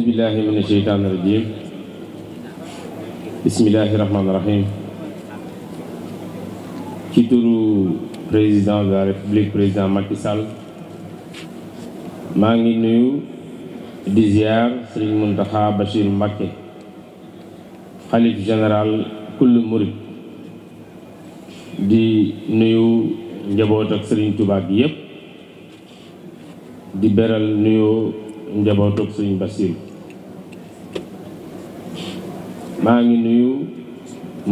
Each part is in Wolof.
أعوذ بالله من الشيطان الرجيم بسم الله ci turu président de la république président Macky Sall maa ngi nuyu di ziar Serigne Mountakha Bachir Mbacké xalif général kullu murid di nuyu njaboot ak Serigne Touba bi yépp di beral nuyu njaboot ak Serigne Bassirou maa ngi nuyu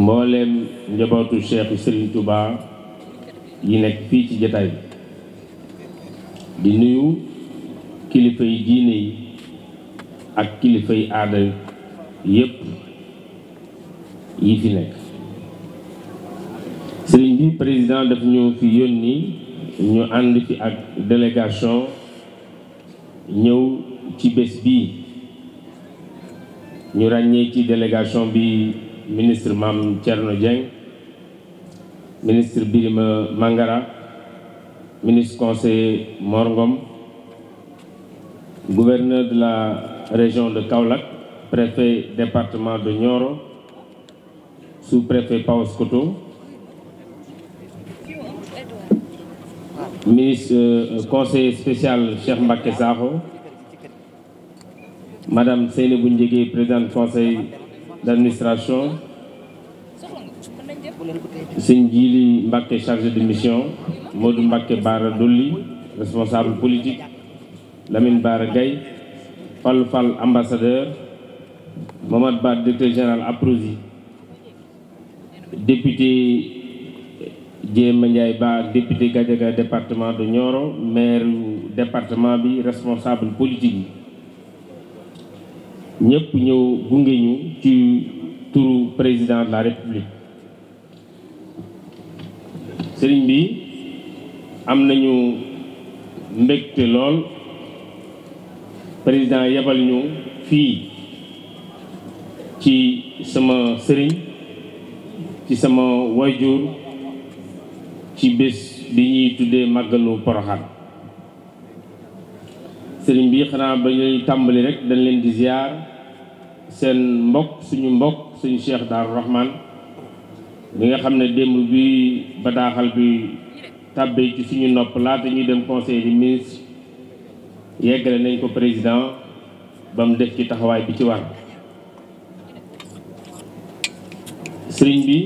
mbooleem njabootu cheikh Serigne Touba yi nekk fii ci jataay di nuyu kilifa yi yi ak kilifa yi aada yépp yi fi nekk sëriñ bi président daf ñu fi yónni ñu ànd fi ak délégation ñëw ci bés bii ñu ràññee ci délégation bi ministre Mame Thierno Dieng ministre Birima Mangara ministre conseiller Mor Ngom gouverneur de la région de Kaolack préfet département de Nioro sous-préfet Paoskoto ministre euh, conseiller spécial Cheikh Mbacké Sakho Madame Seynabou Ndiégué, présidente du conseil d'administration. Sëñ Djili Mbacké, chargé de mission. Modou Mbacké Bara Dolly, responsable politique. Lamine Bara Gaye, Fallou Fall, ambassadeur. Mamad Ba, directeur général Aprosi. Député Jéema Ndiaye Ba, député Gadiaga département de Nioro, maire département bi, responsable politique yi ñëpp ñëw gunge ñu ci turu président de la république sëriñ bi am nañu mbégte lool président yebal ñu fii ci sama sëriñ ci sama wayjur ci bés bi ñuy tuddee màggalu Porokhane sëriñ bi xanaa ba ñuy tàmbali rek dañ leen di ziar seen mbokk suñu mbokk suñu cheikh daaru rahman bi nga xam ne démb bi badaaxal bi tàbbee ci suñu nopp laata ñuy dem conseil des ministres yeggale nañ ko président ba mu def ci taxawaay bi ci war sëriñ bi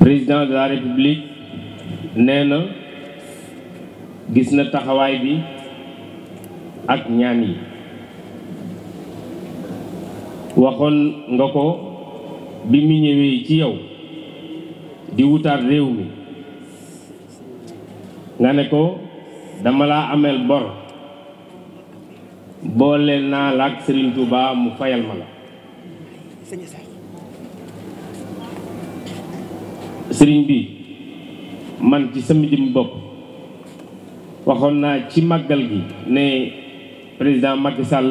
président de la république nee na gis na taxawaay bi ak ñaan yi waxoon nga ko bi mu ñëwee ci yow di wutaat réew mi nga ne ko dama la ameel bor boole naa la ak Serigne Touba mu fayal ma la Serigne bi man ci sama jëm bopp waxoon naa ci màggal gi ne président Macky Sall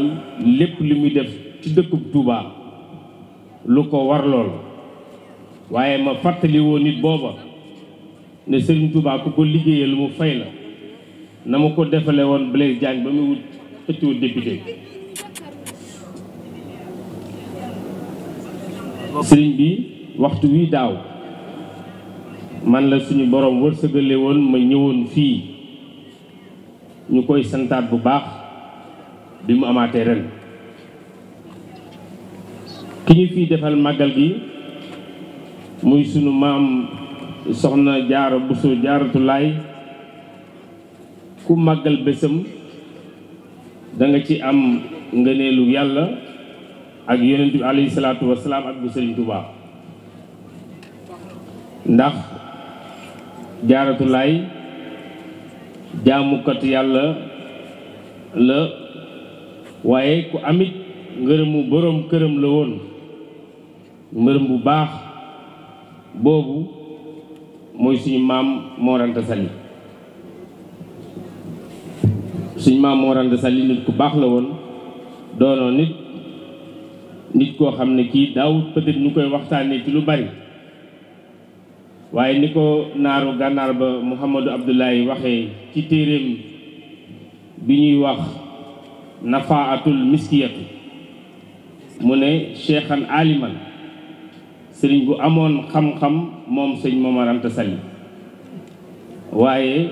lépp li muy def ci dëkku Touba lu ko war lool waaye ma fàttali woon nit booba ne Serigne Touba ku ko liggéeyee lu mu fay la na ma ko defale woon Blaise Diagne ba mu wut xëccoo député sëriñ bi waxtu wi daaw man la suñu borom wërsëgale woon ma ñëwoon fii ñu koy santaat bu baax bi mu amaatee ren ki ñu fii defal màggal gi muy sunu maam soxna jaara buso jaaratu laay ku màggal bésam da nga ci am ngëneelu yàlla ak yonent bi alayhi salaatu wasalaam ak bu sëriñ ndax jaaratu jaamukat yàlla la waaye ku amit ngërëmu boroom këram la woon ngërëm bu baax boobu mooy suñu maam Mor Anta Sali suñu maam Mor Anta Sali nit ku baax la woon doonoon nit nit koo xam ne kii daawut peut ñu koy waxtaanee ci lu bari waaye ni ko naaru gànnaar ba Mouhamadou Abdoulaye waxe ci téeréem bi ñuy wax nafaatul miskiyatu mu ne cheikhan aliman sëriñ bu amoon xam-xam moom sëñ Momar Anta Sali waaye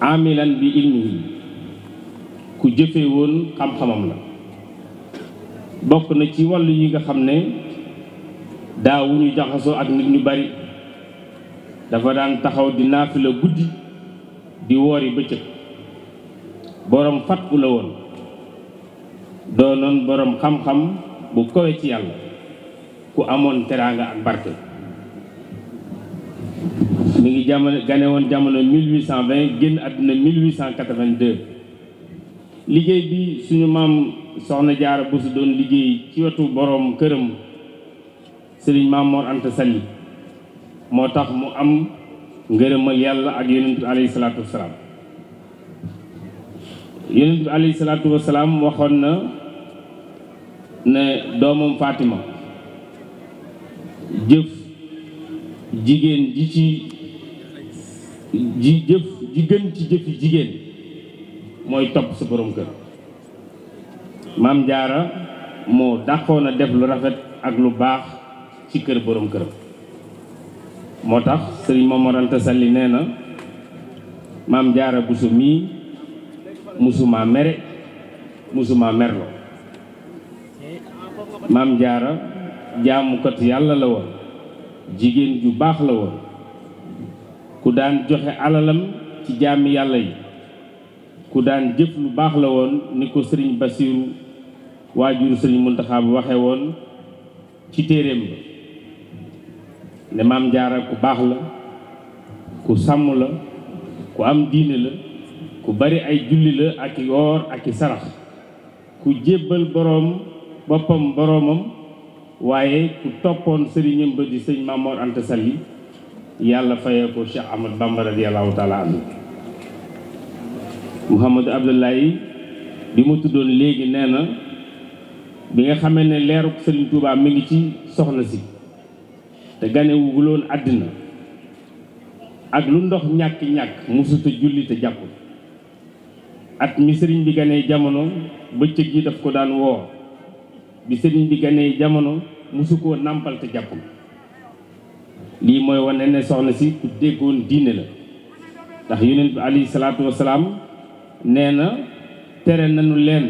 amilan bi ilmihi ku jëfe woon xam-xamam la bokk na ci wàllu yi nga xam ne wu daawuñu jaxasoo ak nit ñu bari dafa daan taxaw di naafila guddi di woori bëccëg boroom fatku la woon doonoon boroom xam-xam bu kowe ci yàlla ku amoon teraanga ak barke mi ngi jamono gane woon jamono 1820 génn àdduna 1882 liggéey bi suñu maam soxna jaara bu su doon liggéey ci wetu boroom këram sëriñ Mamoor Anta Sali moo tax mu am ngërëmal yàlla ak yonent bi alayhi salaatu wasalaam yonent bi alayhi waxoon na ne doomam Fatima jëf jigéen ji ci ji jëf ji ci jëfi jigéen mooy topp sa boroom kër maam jaara moo dàqoon a def lu rafet ak lu baax ci kër moo tax sëriñ Momar Anta Sali nee na maam jaara busu mii musuma mere musuma merlo maam jaara jaamukat yàlla la woon jigéen ju baax la woon ku daan joxe alalam ci jaami yàlla yi ku daan jëf lu baax la woon ni ko sëriñ Basiru waajuru sëriñ Muntaxa waxe woon ci téeréem ba ne maam jaara ku baax la ku sàmm la ku am diine la ku bari ay julli la ak i woor ak i sarax ku jébbal boroom boppam boroomam waaye ku toppoon sëriñam ba di sëñ Mamoor Anta Sali yàlla fayee ko Cheikh Ahmad Bamba radiyallahu taala anhu Mouhamadou Abdoulaye bi mu tuddoon léegi nee na bi nga xamee ne leeruk Sëriñ Tuubaa mi ngi ci soxna si te ganewu bu àddina ak lu ndox ñàkk-ñàkk musuta julli te jàppul at mi sëriñ bi ganee jamono bëccëg yi daf ko daan woo bi sëriñ bi ganee jamono musu koo nàmpal te jàppul lii mooy wane ne soxna si ku déggoon diine la ndax yonent bi alayhi salaatu wasalaam nee na tere nañu leen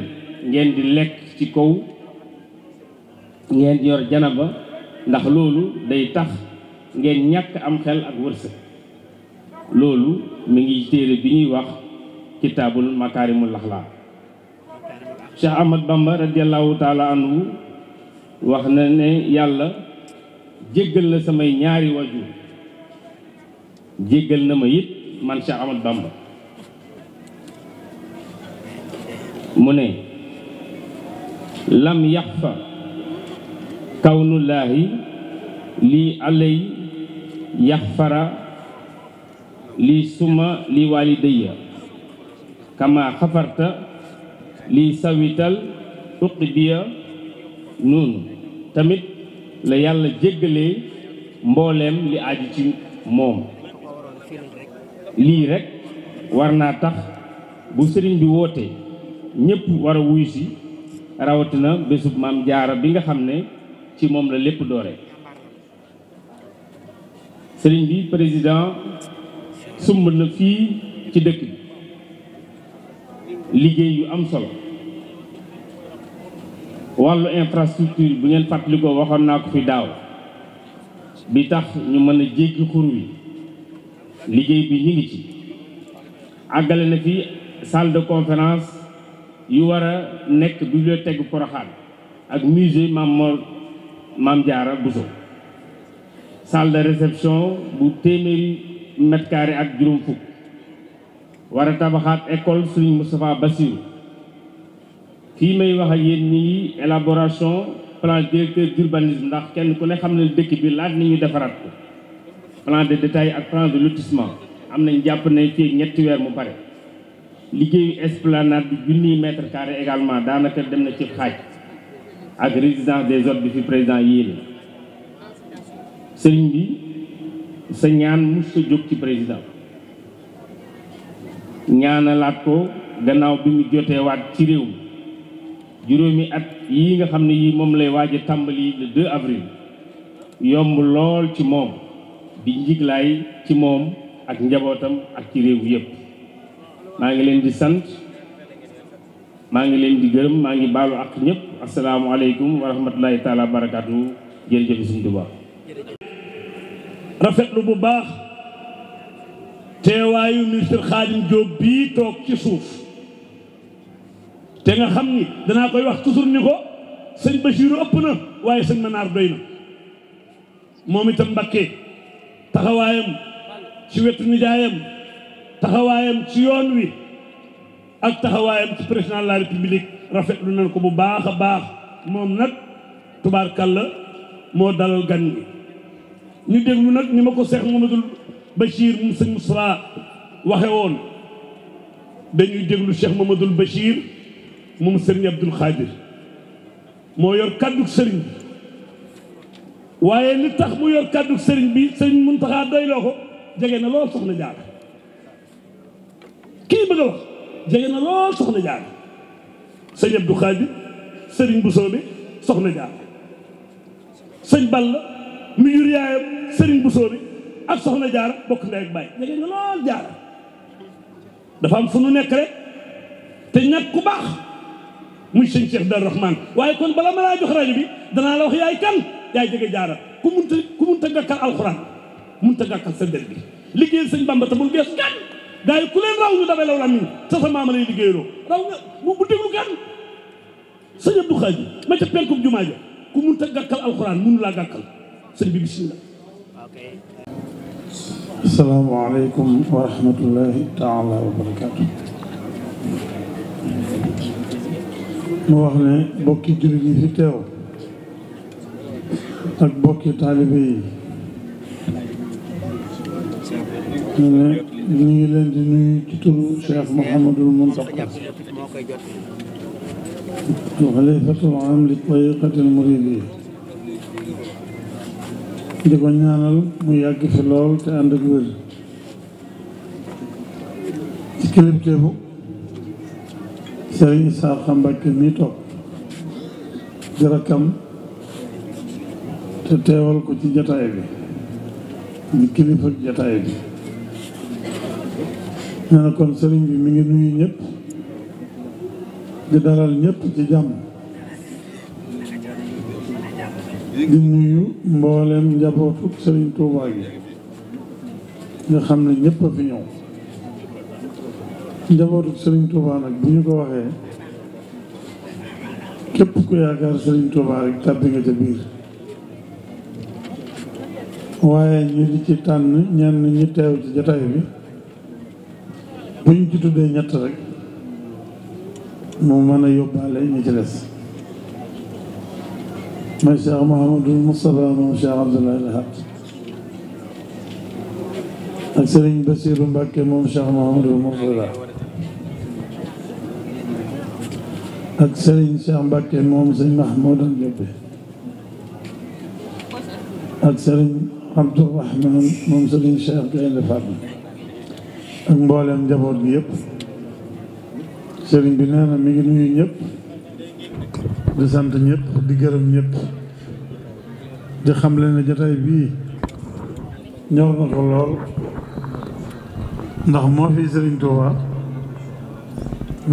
ngeen di lekk ci kaw ngeen yor janaba ndax loolu day tax ngeen ñàkk am xel ak wërsëg loolu mu ngi téere bi ñuy wax kitaabul makaarimul axlaaq Cheikh Ahmad Bamba radiallahu taala anhu wax na ne yàlla jéggal na samay ñaari wajur jéggal na ma it man Cheikh Ahmad mu ne lam yax fa kawnullaahi li alay yaxfara lii suma li walidayya kama xafarta li sawital uqdiya noonu tamit la yàlla jéggalee mbooleem li aju ci moom lii rekk war naa tax bu sëriñ bi woote ñépp war a wuyu si rawatina bésub maam jaara bi nga xam ne ci moom la lépp doore sëriñ bi président sumb na fii ci dëkk bi liggéey yu am solo wàllu infrastructure bu ngeen fàttalikoo waxoon naa ko fi daaw bi tax ñu mën a jéggi xur wi liggéey bi ñu ngi ci àggale na fi salle de conférence yu war a nekk bibliothèque Porokhane ak musée Mamor Maam Jaara Bousso salle de réception bu téeméeri mètre carré ak juróom fukk war a tabaxaat école Serigne Moustapha Bassirou fii may wax ak yéen ñii élaboration plan directeur d'urbanisme ndax kenn ku ne xam ne dëkk bi laaj nañu defaraat ko plan de détail ak plan de lotissement am nañ jàpp ne fii ñetti weer mu pare liggéeyu esplanade bi junniy mètre carré également daanaka dem na ci xaaj ak résidence des hôtes bi fi président yéene sëriñ bi sa ñaan mus sa jóg ci président ñaanalaat ko gannaaw bi mu joteewaat ci réew mi juróomi at yi nga xam ne yii moom lay waaj a tàmbali le 2 avril yomb lool ci moom di njiglaay ci moom ak njabootam ak ci réew yépp maa ngi leen di sant maa ngi leen di maa ngi baalu ak ñëpp asalaamualeykum wa rahmatulahi taala barakaatu jërëjëf suñu Tuubaa rafetlu bu baax teewaayu ministre Khadim Diop bii toog ci suuf te nga xam ni danaa koy wax toujours ni ko sëñ Bachiru ëpp na waaye sëñ Manaar doy na moom itam Mbakke taxawaayam ci wetu nijaayam taxawaayam ci yoon wi ak taxawaayam ci président de la république rafetlu nañ ko bu baax a baax moom nag tubaar tubaarkàlla moo dalal gan ñi ñu déglu nag ni ma ko Cheikh Mamadou Bachir mu sëñ Moussa waxe woon dañuy déglu Cheikh Mamadou Bachir moom sëriñ Abdoul Khadir yor kàddug sëriñ bi waaye li tax mu yor kàddug sëriñ bi sëriñ Muntaxa doyloo ko jege na lool soxna jaar kii bëgg a jege na lool soxna jaar sëñ Abdou Khadre sëriñ Bousso bi soxna jaar sëñ bal mi jur yaayam sëriñ Bousso bi ak soxna jaar bokk ndey ak baay jege na lool jaar dafa am fu nu nekk rek te ñàkk ku baax muy sëñ Cheikh Dar Rahman waaye kon bala ma laa jox rajo bi danaa la wax yaay kan yaay jege jaar ku munta ku munta gàkkal alxuraan munta gàkkal sa del bi liggéeyal sëñ Bamba te bul bees kan gaa yi ku leen raw ñu dabee law la miin sa sa maama lay liggéeyloo raw nga bu déglu kenn sëñ Abdou Khadi ma ca penkum jumaa ja ku mun ta alxuraan mënu laa gàkkal sëñ bismillah asalaamaaleykum wa wax ne bokki jullit yi fi ak bokki taalibe ñu ngi leen di nuyu ci turu Cheikh Mouhamadul Muntaqa xalifatul aam li tariqatil muridiyya di ko ñaanal mu yàgg fi lool te ànd ak wér ci kilifteefu Serigne Issakha Mbacké mi toog di rakkam te teewal ko ci jataay bi di kilifa jataay bi nee kon sëriñ bi mu ngi nuyu ñëpp di dalal ñëpp ci jàmm di nuyu mboolem njabootu sëriñ Touba gi nga xam ne ñëpp a fi ñëw njabootu sëriñ Touba nag bu ñu ko waxee képp ku yaakaar sëriñ Touba ngi tàbbi biir waaye ñu di ci tànn ñenn ñi teew ci jataay bi bu ñu ci tuddee ñett rek mu mën a yóbbaale ñu ci des mooy Cheikh Mouhamadul Moustapha moom Cheikh Abdoulaye Lahad moom Cheikh Mouhamadul Mourtada ak Serigne Cheikh Mbacke moom Serigne Mahmoudan Diobé ak Serigne Abdourahman moom Serigne Cheikh Gaïndé Fatma ak mboolem njaboot bi yépp sëriñ bi nee na mi ngi nuyu ñëpp di sant ñëpp di gërëm ñëpp di xam leen ne jotaay bii ñor na ko lool ndax moo fi sëriñ Touba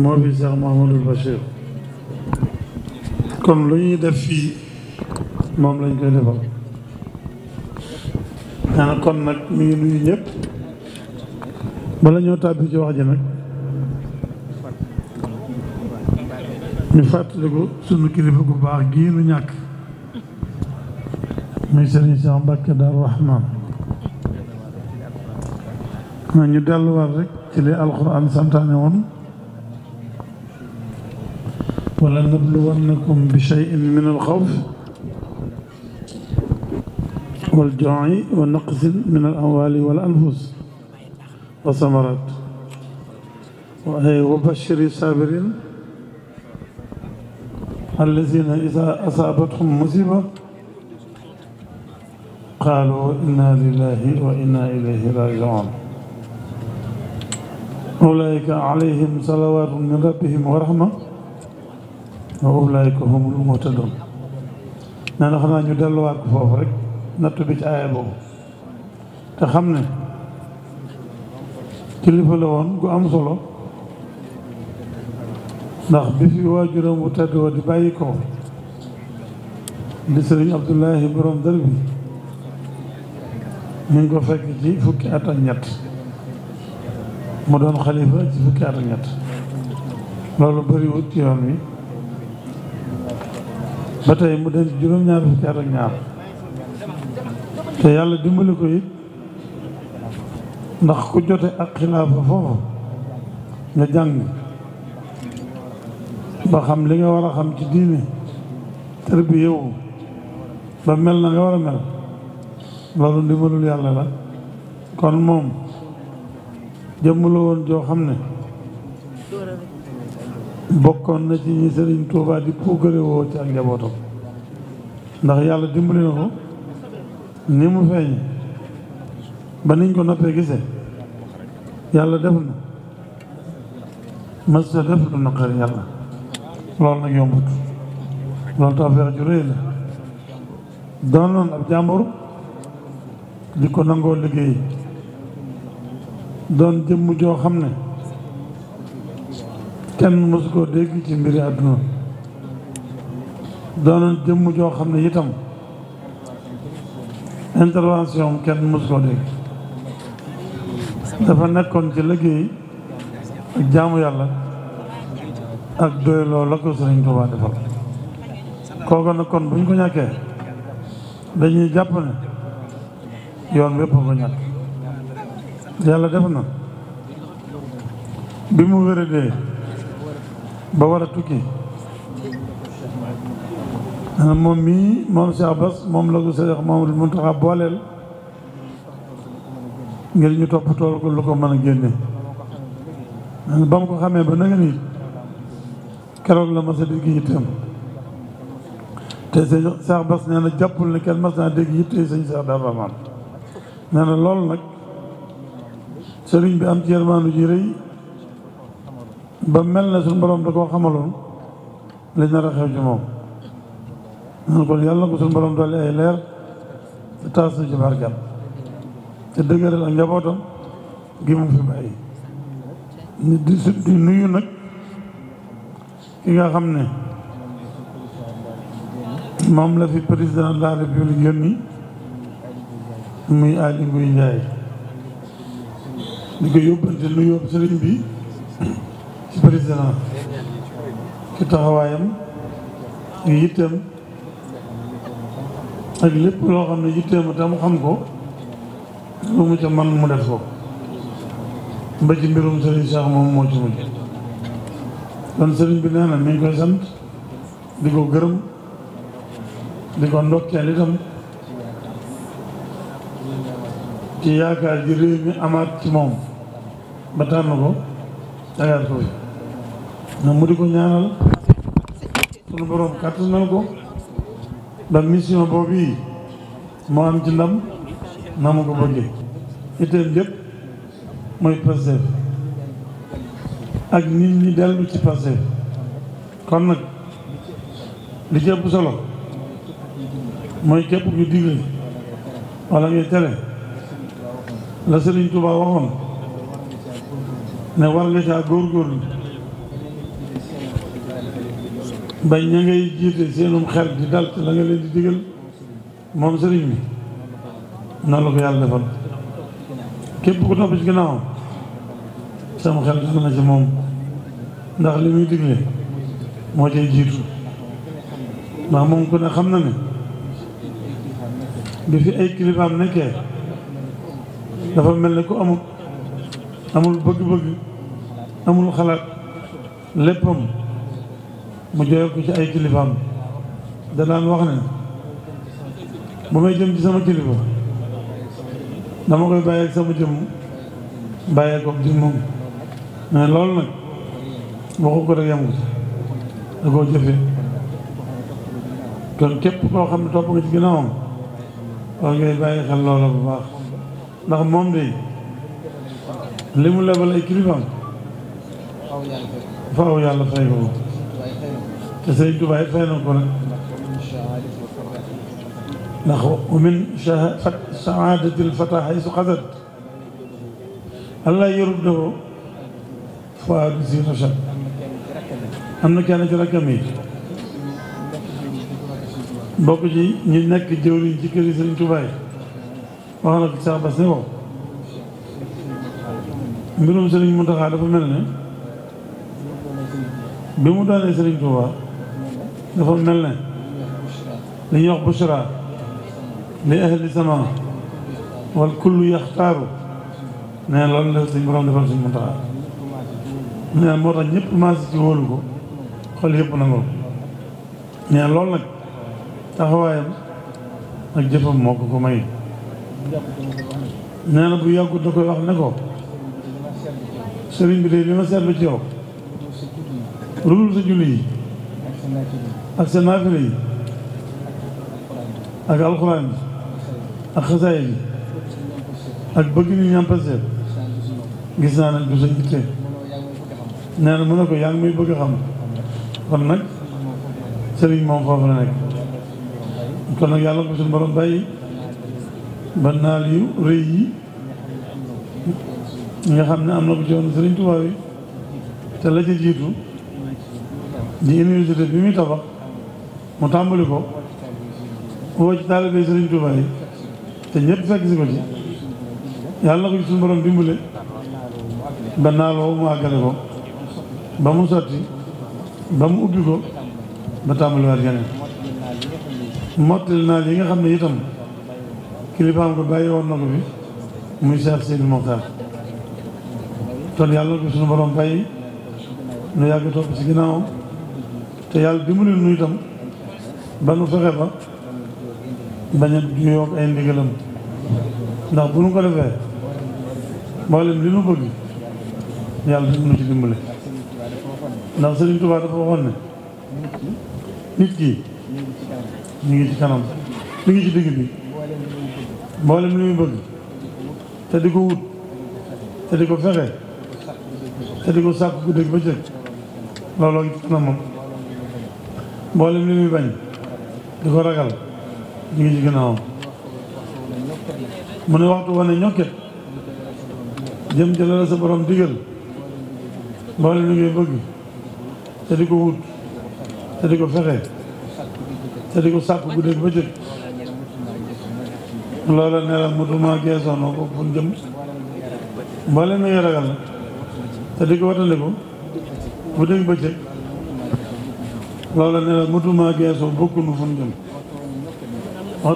moo fi Cheikh Mahamadou Bachir kon lu ñuy def fii moom lañ koy defal nee kon nag mi ngi nuyu ñëpp wala ñoo tàbbi ci wax ji nag ñu fàttaliku sunu kilifa gu baax gii nu ñàkk muy sëriñ Cheikh Mbacke Darou Rahman na ñu delluwaat rek ci li alquran santaane woon wala nabluwannakum bi shay'in min alxawf wal ju'i wa naqsin min al amwali wal anfus وثمرات وبشر الصابرين الذين إذا أصابتهم مصيبة قالوا إنا لله وإنا إليه راجعون أولئك عليهم صلوات من ربهم ورحمة وأولئك هم المهتدون nee na xanaa ñu delluwaat ko foofu rek natt bi ci aaya boobu te xam ne kilifa la woon gu am solo ndax bi fi waajuram tedd wa di bàyyi ko di sëriñ Abdullahi borom dër bi ñu ngi ko fekk ci fukki at ñett mu doon xalifa ci fukki at ñett loolu bëriwut ci yoon wi ba tey mu dem ci juróom-ñaar fukki at ñaar te yàlla dimbali ko it ndax ku jote ak xilaafa foofu nga jàng ba xam li nga war a xam ci diine tër bi yow ba mel na nga war a mel loolu ndimbalul yàlla la kon moom jëmm la woon joo xam ne bokkoon na ci ñi Sëriñ Tuubaa di puugare ci ak njabootam ndax yàlla dimbali na ko ni mu feeñ ba niñ ko noppee gisee yàlla def na mas sa def lu naqari yàlla loolu nag yombut loolu tawfeex ju rëy la doonoon ab jàmbur di ko nangoo liggéey doon jëmm joo xam ne kenn mësu dégg ci mbiri àdduna doonoon jëmm joo xam ne itam intervention kenn mësu koo dégg dafa nekkoon ci liggéey ak jaamu yàlla ak doyloo la ko sëriñ Tuubaa defal kooku nag kon buñ ko ñàkkee dañuy jàpp ne yoon wépp ko ñàkk yàlla def na bi mu wéradee ba war a tukki moom mii moom Cheikh Bass moom la ko Sëriñ Mamadou Muntaxa booleel ne ñu topp tool ko lu ko mën a génne ba mu ko xamee ba nanga nii keroog la mas sa dégg yitteem te sëñ Cheikh Bass nee na jàppul ne kenn mas naa dégg yitte sëñ Cheikh Darou Rahmane nee na loolu nag sëriñ bi am ci yërmaanu ji ba mel na suñu borom da koo xamaloon lañ nar a xew ci moom neen yàlla na ko suñu borom doole ay leer te taas na ci barkat te dëgëral ak njabootam gi mu fi bàyyi ñu di di nuyu nag ki nga xam ne moom la fi président de la république yónni muy Aly Ngouille Ndiaye di ko yóbbante nuyu sëriñ bi ci président ci taxawaayam ak yitteem ak lépp loo xam ne yitteem tam xam ko lu mu ca man mu def ko mba ci mbirum sëriñ Cheikh moom moo ci mujj kon sëriñ bi nee na koy sant di ko gërëm di ko ndokkeel itam ci yaakaar ji réew mi amaat ci moom ba tànn ko tegaat mu di ko ñaanal sunu borom kàttanal ko ba mission boobu yi moo am ci ndam naa ma ko bëggee itteem lépp mooy Pastef ak nit ñi dellu ci Pastef kon nag li ci solo mooy képp ku digle walla ngay tere la Sëriñ Tuubaa waxoon ne war nga caa góorgóorlu ba ña ngay jiite seenum xel di dal ci la nga leen di digal moom sëriñ bi na la ko yàlla defal képp ku topp ci ginnaawam sama xel dal na ci moom ndax li muy digle moo cay jiitu ndax moom ku ne xam na ne bi fi ay kilifaam nekkee dafa mel ne ku amul amul bëgg-bëgg amul xalaat léppam mu jooy ko ci ay kilifaam danaan wax ne bu may jëm ci sama kilifa dama koy bàyyi ak sama jëmm bàyyi ak jëmmam mais loolu nag waxu ko rek yam ko da koo kon képp koo xam ne topp nga ci ginnaawam war ngay bàyyi xel loola bu baax ndax moom de li mu lebal ay kilifaam faaw yàlla fay ko te Sëriñ Tuubaa fay na ko nag ndax wa min saadati alfata xaysu xasad allah yurubdahu faadu si nashat am na kenn ci rakkam yi bokk ci ñu nekk jëwriñ ci kër yi Sëriñ Tuubaa wax na ko sax bas ko mbirum Sëriñ Muntaxaa dafa mel ne bi mu doonee Sëriñ Tuubaa dafa mel ne li ñuy wax bushra li ahli sama wal kullu yaxtaaru nee loolu la suñ borom defal suñ Muntaxa nee moo tax ñëpp maasi ci wóolu ko xol yëpp nangoo nee loolu nag taxawaayam ak jëfam moo ko ko may nee na bu yàggut da koy wax ne ko sëriñ bi de li ma seetlu ci yow lu ak sa ak alxuraan bi ak xasaay ak bëgg nit ñi am gis naa ne du sa itte nee na mu ne ko yaa ngi bëgg a xam kon sëriñ moom foofu la nekk kon nag yàlla ko suñu borom bàyyi ba naal yu rëy yi nga xam ne am na ko ci woon sëriñ Tuubaa yi te la ca jiitu di université bi muy tabax mu tàmbali ko woo ci taalibe sëriñ Tuubaa yi te ñëpp fekk si ko ci yàlla na ko ci suñu borom dimbale ba naaloo mu àggale ko ba mu sotti ba mu ubbi ko ba tàmbaliwaat yeneen mottali naa yi nga xam ne itam kilifaam ko bàyyi woon na ko fi muy Cheikh Seydi Mokhtar kon yàlla na ko suñu borom bàyyi nu yàgg topp si ginnaawam te yàlla dimbali nu itam ba nu fexe ba bañ a juyoo ak ay ndigalam ndax bu nu ko defee mboolem li nu bëgg mu dina ci dimbale ndax Sëriñ Tuubaa dafa waxoon ne nit ki ñu ngi ci kanam mi ngi ci digg bi mboolem li muy bëgg te di ko wut te di ko fexe te ko sàkk guddeeg bëccëg looloo ngi ci kanamam mboolem li muy bañ di ko ragal ñu ngi ci gannaawam mu ne waxtu wane ñokket jëm ca sa borom digal mboolem li ngay bëgg te di ko wut te di ko fexe te di ko sàkk guddeeg bëccëg bëccëg loola ne la mutuma geesoo bokkunu fun jëm waxtu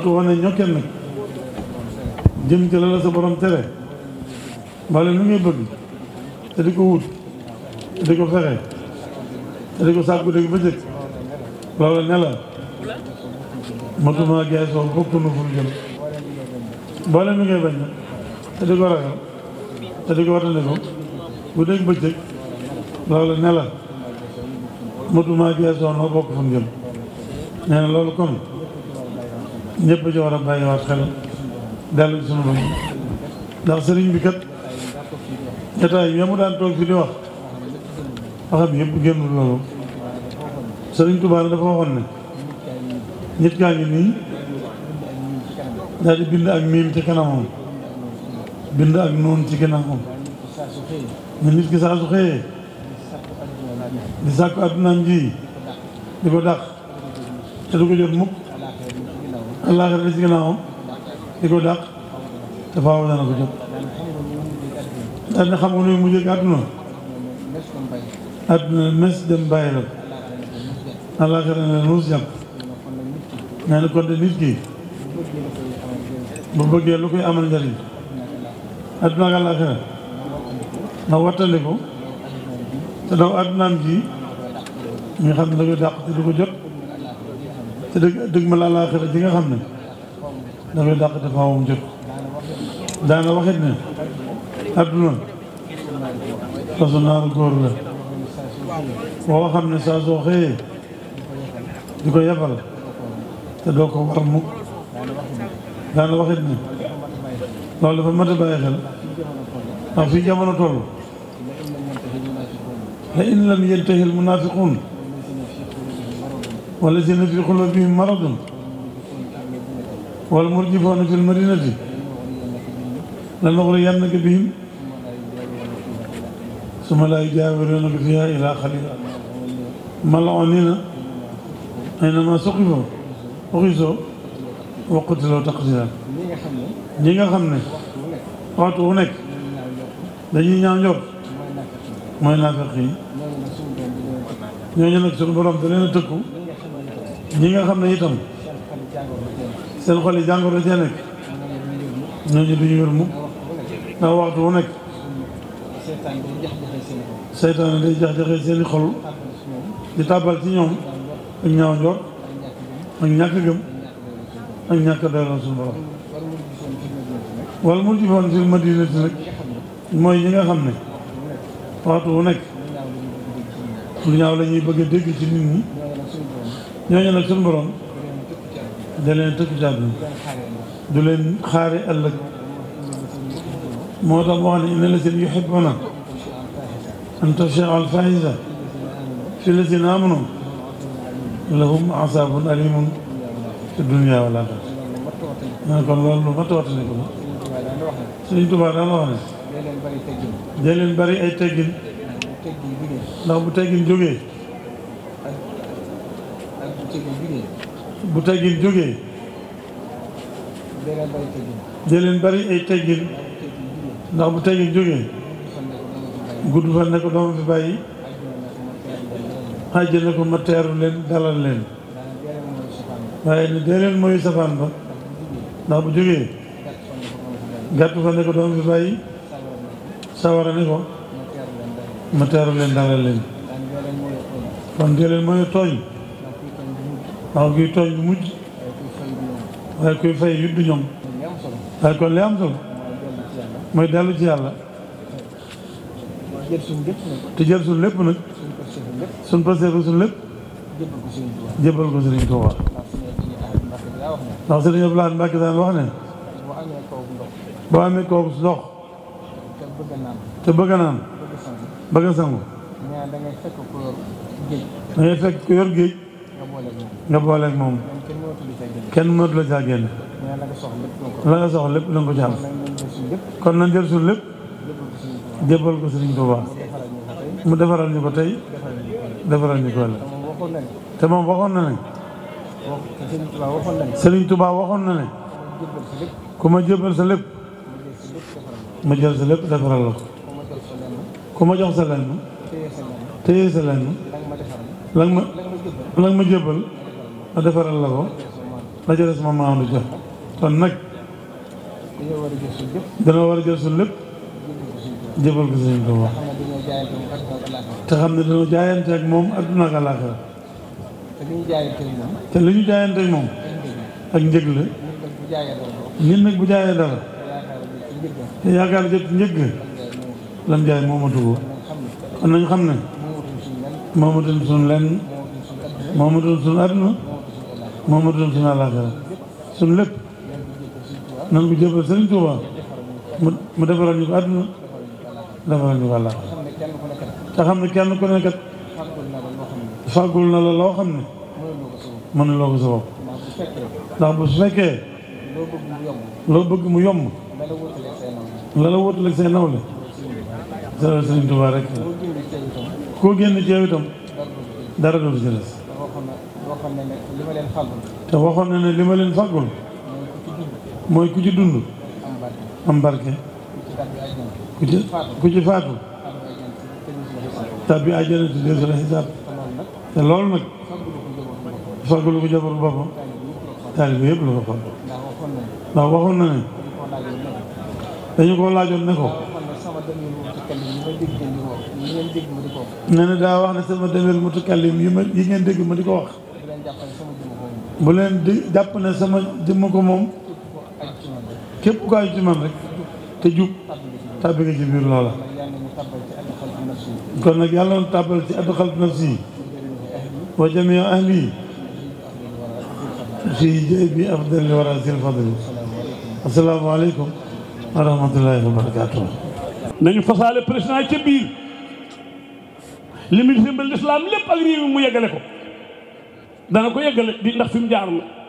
woon ñokkee nag jëm ca sa borom tere wala lu muy bëgg te di ko wut te di ko fexe te di ko sàkku dégg ba loolu ne la matuma gay soo na fu mu boole mi ngay bañ na te di ko ragal te di ko wattandiku bu dégg bëccëg loolu ne la matuma gay noo bokk fu mu jëm loolu kon ñëpp ci war a bàyyiwaat xel dellu ci sunu ndax sëriñ bi kat jotaay yi mu toog fi di wax waxam yëpp génnul loolu Sëriñ Tuubaa dafa waxoon ne nit gaa ngi nii daal di bind ak miim ci kanamam bind ak nit ki saa su xëyee di sàkku addunaam ji di ko dàq te du ko jot mukk àllaaxira ci gannaawam di ko dàq te faaw dana ko jot daal xam nga nuy mujjee àdduna àdduna mes dem bàyyi la àllaaxira ne nuus jàpp nee na kon de nit ki bu bëggee lu koy amal njariñ àdduna ak àllaaxira na wattandiku te daw àddunaam ji ñu xam ne da koy dàq te du ko jot te dëgg dëgg ma nga xam ne da waxit ne adduna façon naaru góor la boo xam ne saa soo xëyee di ko yebal te doo ko war mu daana waxit ne loolu dafa mat a bàyyi xel ndax fii jamono toll la in lam yantahi al munafiqun والذين في قلوبهم مرض والمرجفون في المدينة لنغرينك بهم ثم لا يجاورونك فيها إلى خليلا ملعونين أينما سقفوا أغيثوا وقتلوا تقتيلا ñi nga xam ne waxtu wu nekk dañuy ñaaw njort mooy naafeq yi ñooñu nag suñu borom da leen a tëkku ñi nga xam ne itam seen xol yi jàngoro cee nekk ñooñu duñu wér mukk ndax waxtu wu nekk seytaane day jax-jaxee seen i xol di tàbbal ci ñoom ak ñaaw njort ak ñàkk gëm ak ñàkk doyloon suñu borom wala mu jifoon ci madinati nag mooy ñi nga xam ne waxtu wu nekk lu lañuy la ñuy bëgg a dégg ci nit ñi ñooñu nag suñu borom da leen tëkk du leen xaare ëllëg moo tax mu wax ne inna la seen yuhibbuna أن تشاع الفائزة في الذين آمنوا لهم عذاب أليم في الدنيا والآخرة ma ne kon loolu lu mat a wattandiku la Sëriñ Tuubaa daan wax ne dee leen bari ay teggin ndax bu teggin jógee bu teggin jógee dee leen bari ay teggin ndax bu teggin jógee gudd fan ne ko doom fi bàyyi àjjana ko ma teeru leen dalal leen waaye ni dee leen mooy safaan ba ndax bu jógee gàttu fan ne ko doom fi bàyyi sawara ne ko ma teeru leen dalal leen kon dee leen mooy tooñ ndax kuy tooñ bu mujj waaye kuy fay yuddu ñoom waaye kon li am solo mooy dellu ci yàlla jël suñu te jël suñu lépp nag. suñu passé fa suñu lépp. jëbal ko Sëriñ Tuuba. ndax Sëriñ Abdul Ahad Mbàkke daan wax ne. boo amee koobu ndox. te bëgg naan. bëgg sangu. da ngay fekk ku yor géej. nga booleeg moom. kenn mënatu la caa génn. la nga soxla lépp da nga kon nañ jël suñu lépp. jébbal ko Sëriñ Tuubaa mu defaral ñu ko tey defaral ñu ko ëllëg te moom waxoon na ne Sëriñ Tuubaa waxoon na ne ku ma jébbal sa lépp ma jël sa lépp defaral la ko ku ma jox sa lenn téye sa lenn lan ma lan ma jébbal ma defaral la ko la ca des ma maandu jox kon nag dana war a jël suñu lépp jëbal ko sëñ Tuuba te xam ne dañoo jaayante ak moom adduna ak àllaaxira te li ñu jaayante moom ak njëg la nit nag bu jaayee dara te yaakaar jot njëg lam jaay moomatu ko kon xam ne moomatul suñ lenn moomatul suñ adduna moomatul suñ àllaaxira suñ lépp nan ko jëbal sëñ mu defaral ko adduna dafa ñu wàlla te xam ne kenn ku fàggul na la loo xam ne mën loo ko sa ndax bu su fekkee loo bëgg mu yomb la la wóotaleeg say nawle sa sëriñ Tuubaa rek koo génn ci yow itam dara dootu ci des te waxoon na ne li ma leen fàggul mooy ku dund am barke ku ci ku ci faatu tàbbi àjjana te dee la xisaab te loolu nag fàggulu ko jabaru boppam taalibe yëpp la ko fal ndax waxoon na ne dañu ko laajoon ne ko nee na daa wax ne sama demel mutakallim yi ma yi ngeen dégg ma di ko wax bu leen di jàpp ne sama jëmm ko moom képp ko aju ci rek te jub tàbbi ci biir loola kon nag yàlla na tàbbal ci adxaltu nafsi wa jamii ahli fii jaybi afdal wara sil fadli assalaamu aleykum wa rahmatullaahi wa barakaatu nañu fasaale président ca biir li mu dimbali lislaam lépp ak réew mi mu yeggale ko dana ko yeggale di ndax fi mu jaar la